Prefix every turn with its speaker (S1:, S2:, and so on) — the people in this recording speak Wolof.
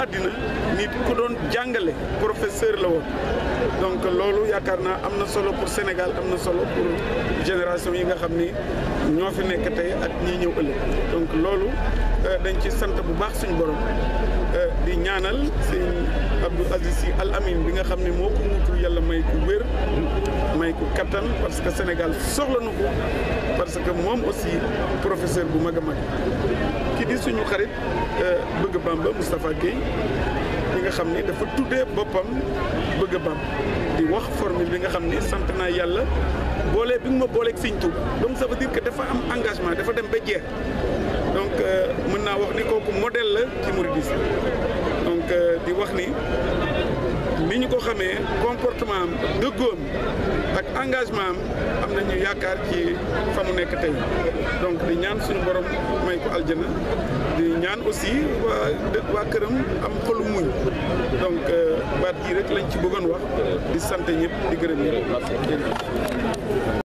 S1: àddina nit ku doon jàngale professeur la woon donc loolu yaakaar naa am na solo pour Sénégal am na solo pour génération yi nga xam ni ñoo fi nekk tey ak ñii ñëw ëllëg donc loolu euh, dañ ci sant bu baax suñu borom euh, di ñaanal sëñ Abdou Aziz si Al Amin bi nga xam ni moo ko wuutu yàlla may ku wér may ku kattan parce que Sénégal soxla nu ko parce que moom aussi professeur bu mag a mag kii di suñu xarit euh, bëgg Bamba Moustapha Guèye ñi nga xam ni dafa tuddee boppam bëgg Bamba di wax formule bi nga xam ni sant naa yàlla boole bi nga ma booleek Sëñ Tuuba donc sa ba dire dafa am engagement dafa dem ba jeex donc euh, mën naa wax ni kooku modèle la ci mouridisme donc euh, di wax ni bi ñu ko xamee comportement am dëggoom ak engagement am am nañu yaakaar ci fa nekk tey donc di ñaan suñu borom may ko aljana di ñaan aussi waa waa këram am xolu muñ donc euh, baat yi rek lañ ci bëggoon wax di sant ñëpp di
S2: gërëm ñëpp